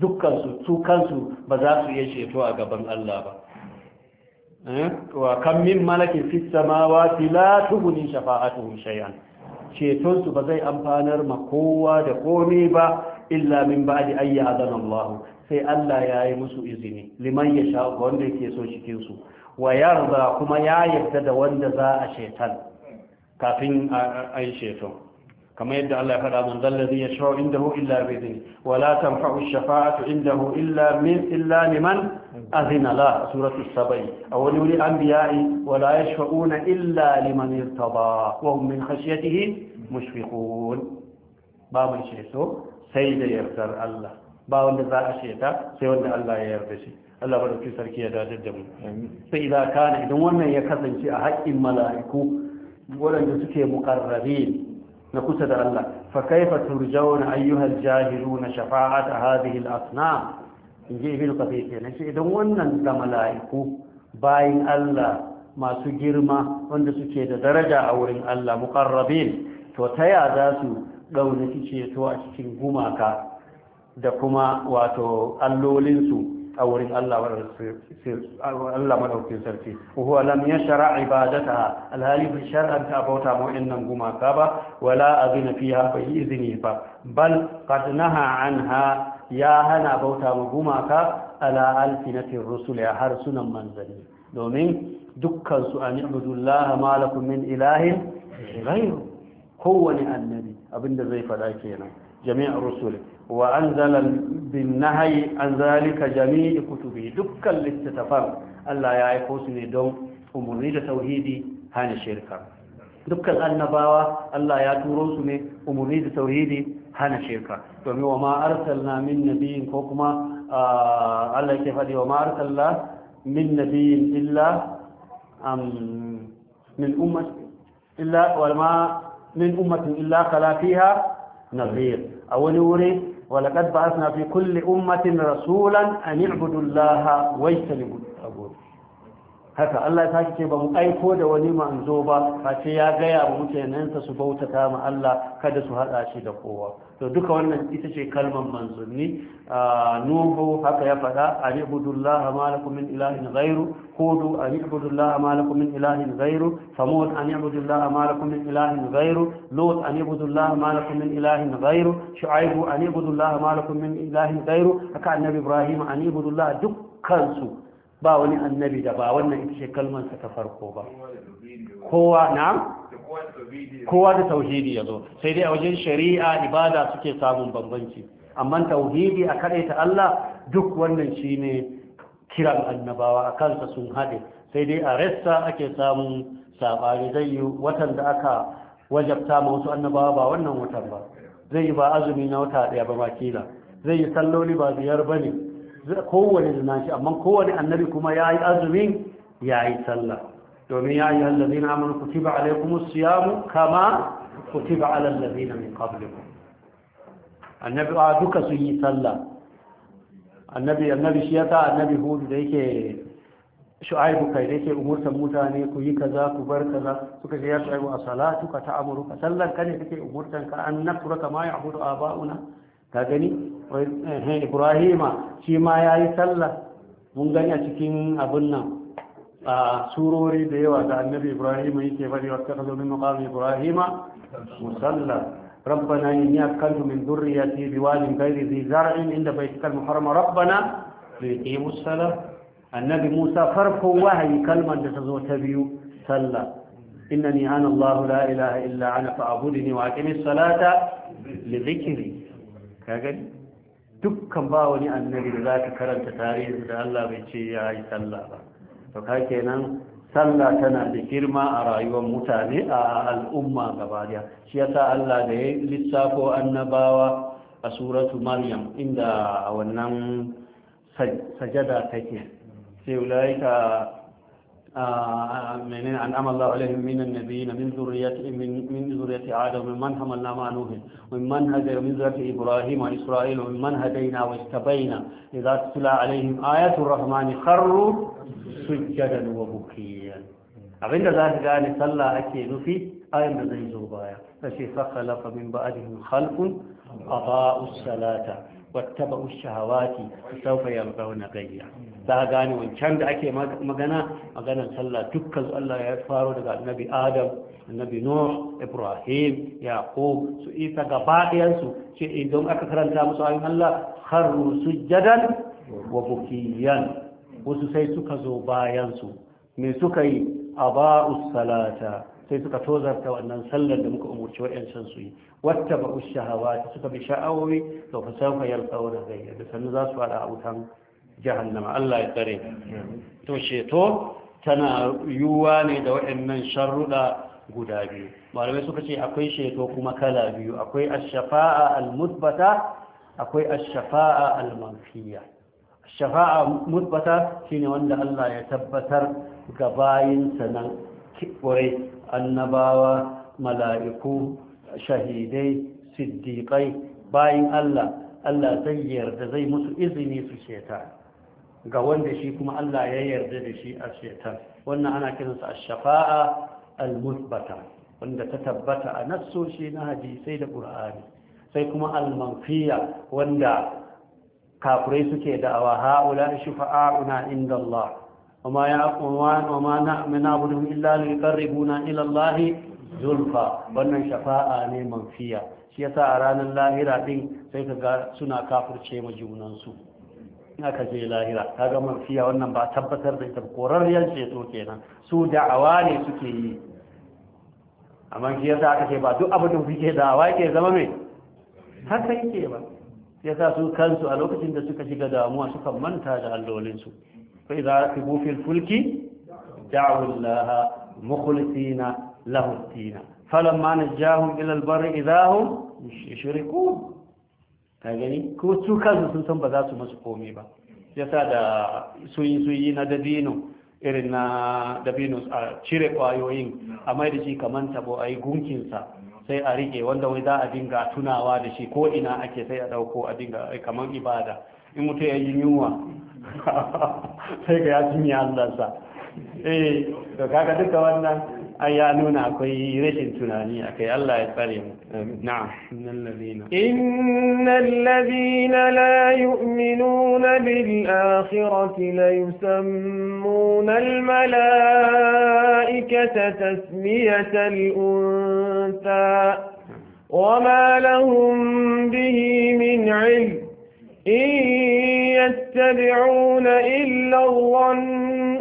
dukkansu su kansu ba za su iya ceto a gaban Allah ba eh? wa kan min malakin fi samawati la tughni shay'an ceton ba zai amfanar ma kowa da komai ba illa min ba'di ayya adana Allah sai Allah yayi musu izini liman ga wanda yake so cikin su wa yarda kuma ya yarda da wanda za a shetan kafin a yi كما يدعى الله فلا من ذا الذي يشفع عنده إلا بإذنه ولا تنفع الشفاعة عنده إلا من إلا لمن أذن له سورة السبي أو للأنبياء ولا يشفعون إلا لمن ارتضى وهم من خشيته مشفقون باب الشيسو سيد يرتر الله باب الذا الشيطة سيد الله يرتشي الله بارك في sarki ya dadar da mu sai idan kana idan wannan ya kasance a haƙƙin mala'iku na kusa da Allah fa kaifa turjauna ayyuhal jahiluna shafa'at hadhihi al-asnam inji ibn shi idan wannan da mala'iku bayin Allah masu girma wanda suke da daraja a wurin Allah muqarrabin to ta ya za su gauna kice to a cikin gumaka da kuma wato allolinsu a wurin Allah maɗaukin sarki huwa lam ya shara ibadata alhali bi shar'an ta bauta mu nan gumaka ba wala azina fiha yi izini ba bal qad naha anha ya hana bauta ma gumaka ala alfinatir rusul ya har sunan manzali domin dukkan su an ibudullaha ma min ilahin ghayru kowani annabi abinda zai faɗa kenan jami'ar rusul wa an zanen bin na haye an zalika jami'i kutubi dukkan littattafan Allah ya aiko su ne don umarni da tauhidi hana shirka dukkan annabawa Allah ya turo su ne umarni da tauhidi hana shirka domin wa ma'arsal na min nabiyin ko kuma Allah ke faɗi wa ma'arsal na min nabiyin illa min umar illa walma min umatin illa a wani wuri. ولقد بعثنا في كل أمة رسولا أن اعبدوا الله واجتنبوا haka Allah ya sake ce ba mu aiko da wani manzo ba face ya gaya mu mutanensa su bautata ma Allah kada su hada shi da kowa to duka wannan ita ce kalmar manzonni nuhu haka ya faɗa an ibudullah ma lakum min ilahin ghairu hudu an ibudullah ma lakum min ilahin ghairu samud an ibudullah ma lakum min ilahin ghairu lut an ibudullah ma lakum min ilahin ghairu shu'aibu an ibudullah ma lakum min ilahin ghairu haka annabi ibrahim an ibudullah dukkan su ba wani annabi da ba wannan ita ce kalmansa ta farko ba kowa na kowa da tauhidi ya zo sai dai a wajen shari'a ibada suke samun bambanci amma tauhidi a kaɗai ta Allah duk wannan shi ne kiran annabawa a kansa sun haɗe sai dai a resta ake samun saɓani zai yi watan da aka wajabta ma wasu annabawa ba wannan watan ba zai yi ba azumi na wata ɗaya ba makila zai yi salloli ba biyar ba ne kowane zinaci amma kowane annabi kuma ya yi azumin ya yi sallah domin ya yi hallabi na amur kutiba alaikumus yamu kama kutiba alallabi na min qablikum annabi a duka sun yi sallah annabi shi yasa annabi hudu da yake shu'aibu kai da yake umurtar mutane ku yi kaza ku bar kaza suka ce ya shu'aibu a salatuka ta amuruka sallan ka ne kake umurtan ka an nasruka abudu a ba'una? ka gani eh, ibrahima shi ma ya yi sallah mun gani a cikin abin nan a surori da yawa da annabi ibrahima yake bari wasu kasa zomin mukamu ibrahima musallah rabbana yin ya kanto min zurriya ce biwajin gairi zai zara'in inda bai cikar muharma rabbana zai ke musallah annabi musa farko wahayi kalmar da ta zo ta biyu sallah inna ni an allahu la ilaha illa ana fa'abudu ni wa aqimi salata li dhikri ka gani dukkan ba wani annabi da za ka karanta tarihi da Allah bai ce ya yi sallah ba to ka kenan sallah tana da girma a rayuwar mutane a al'umma gaba daya shi yasa Allah da ya lissafo annabawa a suratu maryam inda a wannan sajada take sai ulaika آه، من أنعم الله عليهم من النبيين من ذرية من من ذرية آدم ومن هم الله معنوه ومن هدى من ذرية إبراهيم وإسرائيل ومن هدينا واستبينا إذا تلا عليهم آيات الرحمن خروا سجدا وبكيا عند ذلك قال صلى أكيد في آية من ذي zai فشي فخلق من بعدهم خلق min الصلاة واتبعوا الشهوات salata يلقون shahawati za gane wancan da ake magana maganar sallah dukkan Allah ya faro daga annabi Adam annabi Nuh Ibrahim Yaqub su isa gaba ɗayan su ce idan aka karanta musu ayin Allah kharru sujjadan wa bukiyan wasu sai suka zo bayan su me suka yi aba'us salata sai suka tozarta wannan sallar da muka umurci wa'yancan su yi wata ba'us shahawa suka bi sha'awowi to fa sai fa yalqawna da sannu za su fada a wutan jahannama Allah ya tsare to sheto tana yiwuwa ne da waɗannan sharruɗa guda biyu malamai suka ce akwai sheto kuma kala biyu akwai ashafa'a al-mutbata akwai ashafa'a al-manfiya shafa'a mutbata shine wanda Allah ya tabbatar ga bayinsa nan kwarai annabawa mala'iku shahidai siddiƙai bayin Allah Allah zai yarda zai musu izini su sheta ga wanda shi kuma Allah ya yarda da shi a shaitan wannan ana kiransa ash-shafa'a al-musbata wanda ta tabbata a nassoshi na hadisai da qur'ani sai kuma al-manfiya wanda kafirai suke da'awa ha'ula shufa'a'una inda Allah وما يعقوان وما نعمل نعبدهم إلا ليقربونا إلى الله زلفى wannan shafa'a ne manfiya shi yasa a ranar lahira din sai ga suna kafirce ma junansu ina ka je lahira kaga mafiya wannan ba tabbatar da ita korarriyar ceto kenan su da'awa ne suke yi amma shi yasa aka ce ba duk abin da kuke ke zama mai haka ke ba yasa su kansu a lokacin da suka shiga damuwa suka manta da allolinsu fa idza rakibu fil fulki da'u Allah mukhlisina lahu tina falamma najahum ila al-barri idahum yushrikun ka gani ko su kansu sun san ba za su masu komai ba yasa da suyi-suyi na dabino irin na dabino a cire kwayoyin a mai da shi kamar tabo a yi gunkinsa sai a rike wanda wai za a dinga tunawa da shi ko ina ake sai a dauko a dinga kamar ibada in mutum ya yi yunwa [laughs] sai ga ya sun yi allansa eh to kaga duka wannan أي أنونا كي رشد تناني أكي الله يتفرم نعم إن الذين لا يؤمنون بالآخرة ليسمون الملائكة تسمية الأنثى وما لهم به من علم إن يتبعون إلا الظن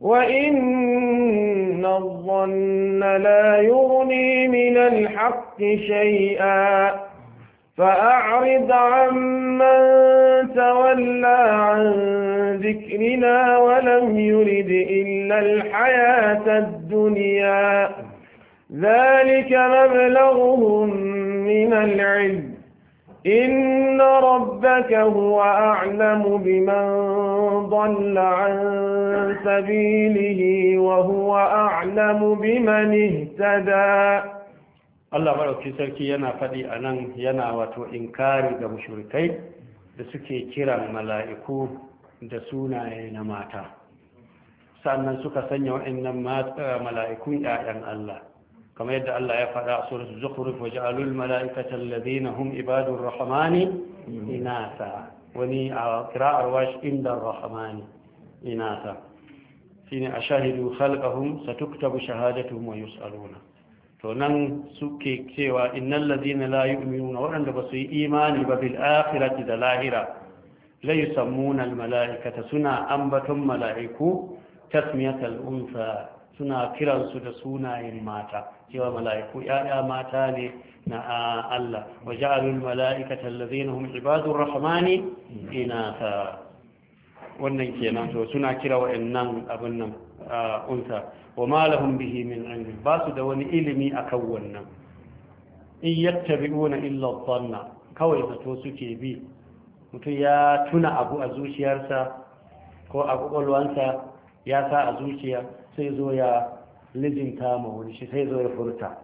وإن إن الظن لا يغني من الحق شيئا فأعرض عمن تولى عن ذكرنا ولم يرد إلا الحياة الدنيا ذلك مبلغهم من العلم إن ربك هو أعلم بمن ضل عن سبيله وهو أعلم بمن اهتدى Allah marauki sarki yana faɗi a nan yana wato inkari ga mushrikai da suke kiran mala'iku da sunaye na mata sannan suka sanya waɗannan eh, mala'ikun ‘ya'yan Allah kamar yadda Allah ya faɗa a suratul zukhruf wa ja'alul mala'ikata alladhina hum ibadur rahmani inasa wani a qira'ar wash inda rahmani inasa shine ashahidu khalqahum satuktabu shahadatuhum wa yus'aluna to nan suke cewa innal ladhina la yu'minuna waɗanda ba su yi imani ba bil akhirati da lahira la yusammuna al mala'ikata suna ambaton mala'iku tasmiyatal unsa suna kiransu da sunayen mata cewa mala'iku ‘ya'ya mata ne na Allah wa ja'alul mala'ikata allazina hum ibadur rahmani ina ta wannan kenan to suna kira wayannan abin nan unsa wa ma bihi min ilmi ba su da wani ilimi akan wannan in yattabi'una illa dhanna kawai zato suke bi mutum ya tuna abu a zuciyarsa ko a kwakwalwansa ya sa a zuciya sai zo ya lizinta ma wani shi sai zo ya furta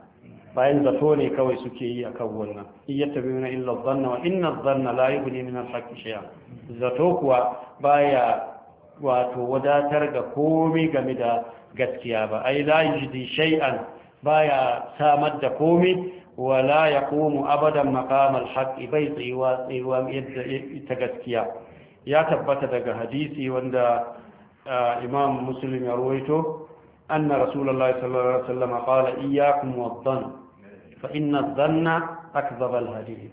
bayan zato ne kawai suke yi a kan wannan iya tabi na illa zanna wa inna zanna la yi ne min alhaƙi shaya zato kuwa baya wato wadatar ga komi game da gaskiya ba ai la yujdi shay'an ya samar da komi. ya ولا abadan أبدا مقام Bai بيت إيوان ta gaskiya. Ya tabbata daga hadisi wanda. imam muslim ya ruwaito anna rasulullahi sallallahu alaihi wasallam qala iyyakum wadhann fa inna adh-dhanna akdhab al-hadith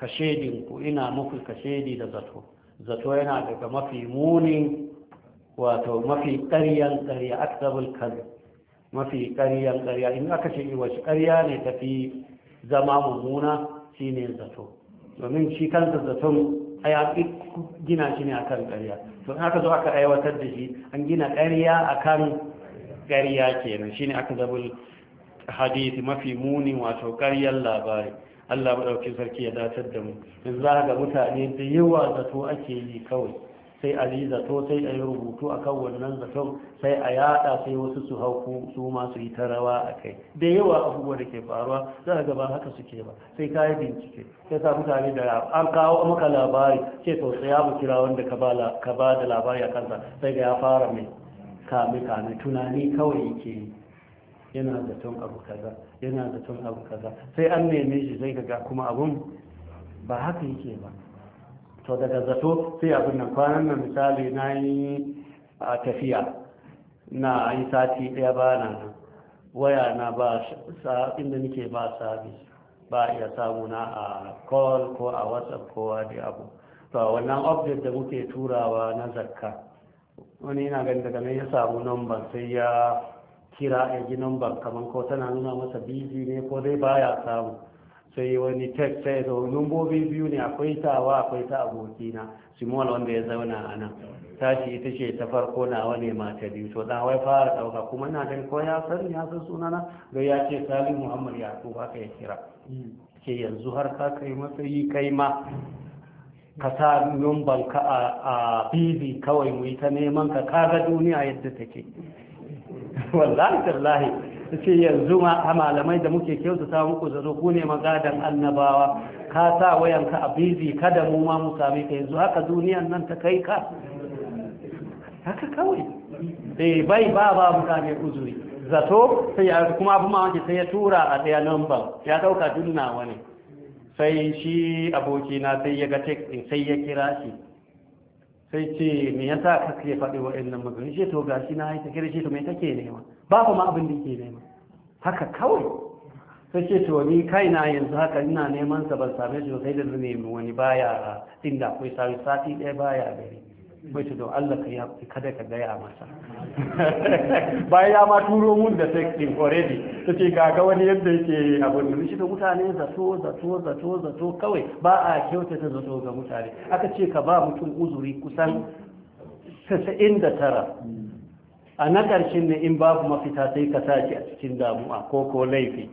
kashedin ku ina muku kashedi da zato zato yana daga mafi muni wato mafi ƙaryan ƙarya akdhabul kadhib mafi ƙaryan ƙarya in aka ce wace ƙarya ne tafi zama mummuna shine zato domin shi kansa zaton a yaƙi gina shi ne akan ƙarya to haka zo aka aiwatar da shi an gina ƙarya akan ƙarya kenan shine aka zabul hadisi mafi muni wato ƙaryar labari Allah ɗauki sarki ya datar da mu yanzu za ga mutane da yawa zato ake yi kawai sai a yi zato sai a yi rubutu a kan wannan zaton sai a yada sai wasu su hauku su ma su yi ta rawa a kai da yawa abubuwa da ke faruwa za a gaba haka suke ba sai ka yi bincike sai sa mutane da an kawo maka labari ce to sai ya mu kira wanda ka ba da labari a kansa sai ga ya fara mai kame kame tunani kawai yake yi yana zaton abu kaza yana zaton abu kaza sai an neme shi sai ga kuma abun ba haka yake ba to daga zato sai abin nan kwanan nan misali na yi a tafiya na yi sati ɗaya ba na waya na ba inda nake ba sami, ba iya samu na a call ko a whatsapp a di abu to wannan object da muke turawa na zakka wani yana ganin daga nan ya samu number sai ya kira ya ji number kamar ko tana nuna masa busy ne ko dai baya samu sai wani tek sai numbobi biyu ne akwai tawa akwai ta abokina simon wanda ya zauna a nan tashi ita ce ta farko na wani mata biyu to dan wai fara dauka kuma ina dan ko ya san ya san sunana da ya ce salim muhammad yakub haka ya kira ke yanzu har ka kai matsayi kai ma ka sa numban ka a bibi kawai mu yi ta neman ka kaga duniya yadda take [laughs] wallahi tallahi su ce yanzu ma malamai da muke kyautata muku zato ku ne magadan annabawa ka sa wayanka a bizi kada mu ma mu sami ka yanzu haka duniyan nan ta kai ka haka kawai bai eh, bai ba ba mutane uzuri zato sai kuma abin mamaki sai ya tura a ɗaya number ya ɗauka dunna wani sai shi abokina sai ya ga text sai ya kira shi sai ce me yasa ke faɗi wa'annan maganganu shi to gashi na haita kira shi to me take nema Ba ma abin da yake nema haka kawai sai ce to ni kaina yanzu haka ina neman sa ban same shi sai da nemi wani baya inda akwai sai sati ɗaya baya gari mai to Allah ka ya kada ka gaya masa [laughs] bayan ya ma turo mun da texting already ta ce ga ga wani yadda yake abun da shi da mutane zato zato zato zato kawai ba a kyautata zato ga mutane aka ce ka ba mutum uzuri kusan tara. a na ƙarshen ne in babu mafita sai ka sace a cikin damuwa ko ko laifi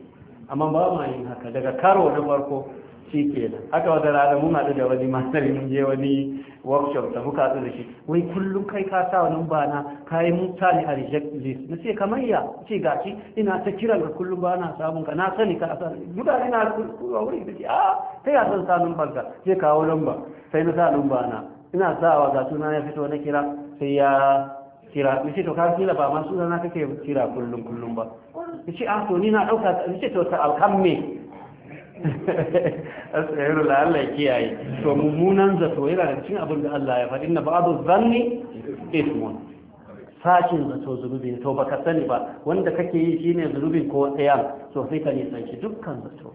amma ba ma yin haka daga karo na farko shi ke da haka wata rana mun haɗu da wani masar, mun je wani workshop da muka haɗu da shi wai kullum kai ka sa wani bana ka yi mutane a reject list na ce kamar ya ce ga shi ina ta kiran ka kullum ba na samun ka na sani ka san mutane ina kuma wuri da shi. a ah, ta ya san sa ka, sai kawo lamba sai na sa na. ina sawa ga suna ya fito na kira sai ya kira ce to ka kira ba ma sunana kake kira kullum kullum ba ce ah to ni na dauka ce to ta alhamme [laughs] asairu la Allah kiyaye to mummunan zato yana da cin abin da Allah ya faɗi inna ba'du zanni ismun sakin zato zunubin to baka sani ba wanda kake yi shine zunubin ko tsaya to sai ka ne sanki dukkan zato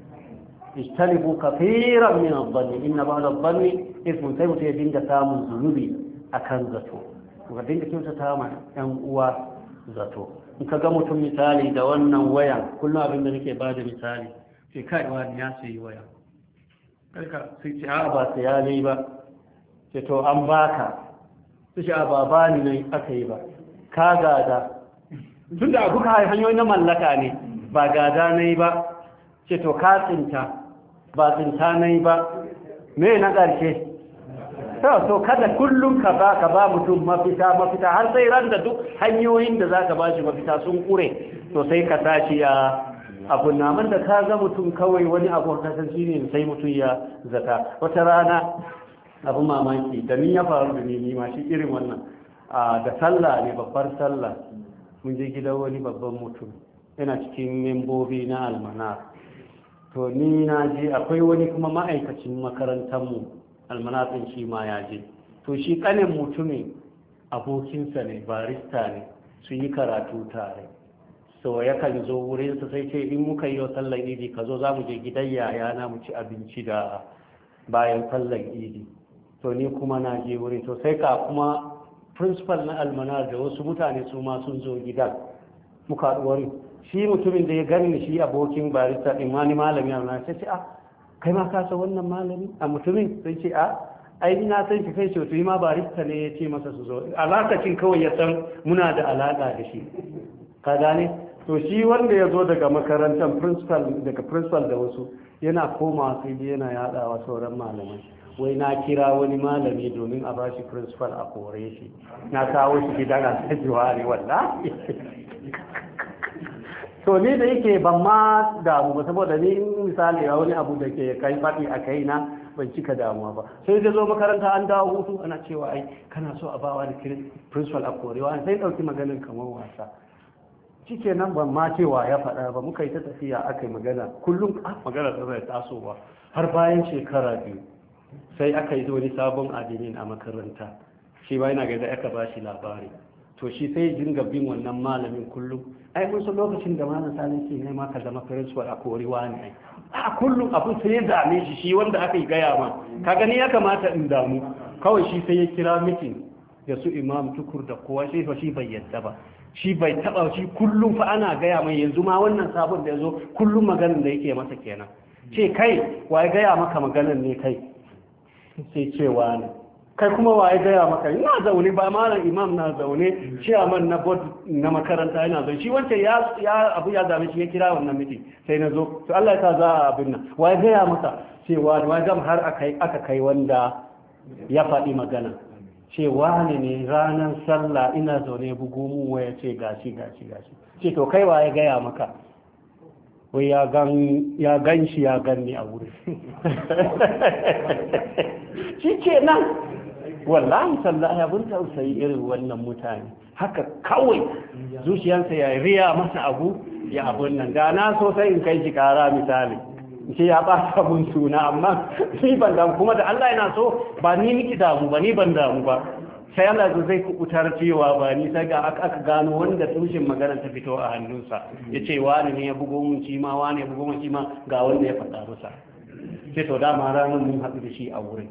istalibu kafiran min adh-dhanni inna ba'du adh-dhanni ismun sai mutum ya dinga samun zunubi akan zato ka dinga kyautata ma yan uwa zato in ka ga mutum misali da wannan wayan kullum abin da nake ba da misali sai kai wani ya sayi waya karka sai ce a ba sai ya ne ba ce to an baka su ce a ba ba ni ne aka yi ba ka gada tun da duka hanyoyi na mallaka ne ba gada na yi ba ce to ka tsinta ba tsinta na yi ba me na ƙarshe to so kada kullum ka ba ka ba mutum mafita mafita har sai ran da duk hanyoyin da zaka ba shi mafita sun kure to sai ka tashi ya abun da ka ga mutum kawai wani abu ka san ne sai mutum ya zata wata rana abu mamaki da ni ya faru da ni ma shi irin wannan da sallah ne babbar sallah mun je gidan wani babban mutum yana cikin membobi na almanar to ni na je akwai wani kuma ma'aikacin makarantar mu almanatsin shi ma ya je to shi kanin mutumin abokinsa ne barista ne su yi karatu tare so yakan zo wurinsa sai ce in muka yi sallar idi ka zo za mu je gidan yaya na mu ci abinci da bayan sallar idi to ni kuma na je wurin to sai ka kuma principal na almana da wasu mutane su ma sun zo gidan muka wuri shi mutumin da ya gani shi abokin barista din ni malami almanar sai ce ah kai ma kasa wannan malami a mutumin sai ce a ai ina san shi kai ce ma barista ne ya ce masa su zo a kawai ya san muna da alaka da shi ka gane to shi wanda ya zo daga makarantar principal daga principal da wasu yana koma sai yana yadawa sauran malamai wai na kira wani malami domin a ba shi principal a kore shi na kawo shi gidan a ne wallahi to ni da yake ban ma damu ba saboda ni misali ya wani abu da ke kai faɗi a kai na ban cika damuwa ba sai zai zo makaranta an dawo hutu ana cewa ai kana so a bawa da principal a korewa sai ɗauki maganin kamar wasa cike nan ban ma cewa ya faɗa ba muka yi ta tafiya aka yi magana kullum ah, magana ta zai tasowa har bayan shekara biyu sai aka yi wani sabon adinin a makaranta shi ba yana gaza aka ba shi labari to shi sai dinga bin wannan malamin kullum ai mun san lokacin da malam sani ke ma ka zama principal a korewa ne a kullum abin sai ya dame shi shi wanda aka yi gaya ma ka gani ya kamata in damu kawai shi sai ya kira mitin da su imam tukur da kowa shi fa shi bai yadda ba shi bai taba shi kullum fa ana gaya mai yanzu ma wannan sabon da yazo kullum maganar da yake masa kenan ce kai ya gaya maka maganar ne kai sai cewa ne kai kuma waye gaya maka ina zaune ba malam imam na zaune chairman na board na makaranta yana zaune shi wancan ya ya abu ya zame shi ya kira wannan miti sai na zo to Allah ya sa za a abin nan waye gaya maka cewa wa gam har aka aka kai wanda ya faɗi magana cewa ne ne ranar sallah ina zaune bugu mu waya ce gashi gashi gashi ce to kai waye gaya maka wai ya gan shi ya gan ni a wuri [laughs] shi ke nan wallahi ya bunta tausayi irin wannan mutane haka kawai zuciyarsa ya riya masa abu ya abun nan da na so sai in kai shi kara misali shi ya ba bun suna amma ni ban damu kuma da Allah yana so ba ni niki damu ba ni ban damu ba sai Allah zai kubutar cewa ba ni sai ga aka gano wanda tushin magana ta fito a hannunsa ya ce wani ne ya bugo mun ma wani ya bugo mun ma ga wanda ya faɗa masa sai to dama ranar mun haɗu da shi a wurin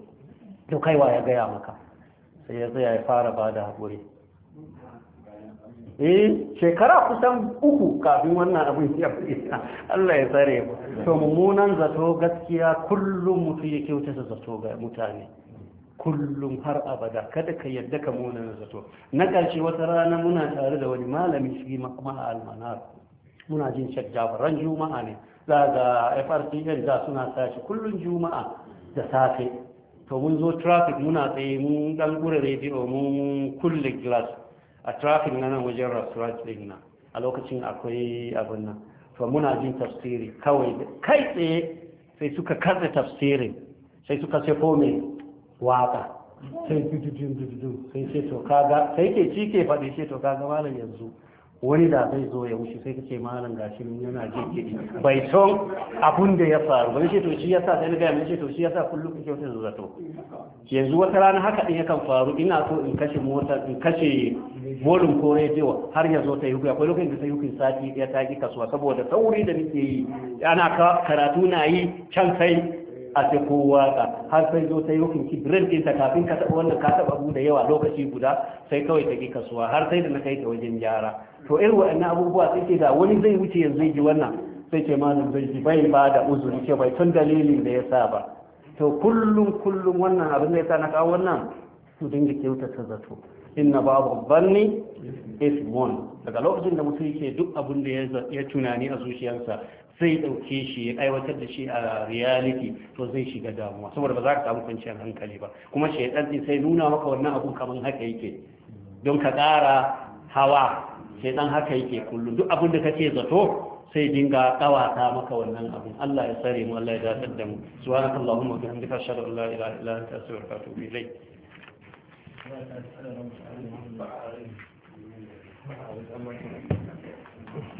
to kaiwa ya gaya maka sai ya tsaya ya fara ba da haƙuri eh shekara kusan uku kafin wannan abin ya fi Allah ya tsare mu to mummunan zato gaskiya kullum mutu ya kyautata zato ga mutane kullum har abada kada ka yadda ka munan zato na karshe wata rana muna tare da wani malami shi makama almanar muna jin shek ran juma'a ne za ga frcn za suna tashi kullum juma'a da safe to mun zo traffic muna tsaye mun dan gura rediyo mun kulle glass a traffic na nan wajen restaurant din na a lokacin akwai abin nan to muna jin tafsiri kawai kai tsaye sai suka katse tafsirin sai suka ce ko me waka sai sai to kaga sai ke ci ke faɗi ce to kaga malam yanzu wani da zai zo ya wuce sai kace malam gashi mun yana jinkiri bai son abun da ya faru wani ce to shi yasa sai ga mun ce to shi yasa kullum kuke wata zato yanzu wata rana haka din yakan faru ina so in kashe mota in kashe bolin ko rediyo har ya zo ta yi hukuya akwai lokacin da ta yi hukun sati ya ta ki kasuwa saboda sauri da nake yi ana karatu na yi can sai a sai ko waka har sai zo ta ki hukun din ta kafin ka taba wannan ka taɓa abu da yawa lokaci guda sai kawai ta ki kasuwa har sai da na kai ta wajen gyara to irin waɗannan abubuwa sai ke da wani zai wuce yanzu ji wannan sai ce malam zai ji bai ba da uzuri ce bai tun dalilin da ya sa ba to kullum kullum wannan abin da ya sa na kawo wannan su dinga kyautata zato inna babu zanni ismun daga lokacin da mutum yake duk abin da ya tunani a zuciyarsa sai ɗauke shi ya aiwatar da shi a reality to zai shiga damuwa saboda ba za ka samu kwanciyar hankali ba kuma shaidan din sai nuna maka wannan abun kamar haka yake don ka ƙara hawa shaidan haka yake kullum duk abin da kake zato sai dinga kawata maka wannan abin Allah ya tsare mu Allah ya dakatar da mu subhanakallahumma wa bihamdihi ashhadu an la ilaha illa anta astaghfiruka wa atubu ilayk Thank you.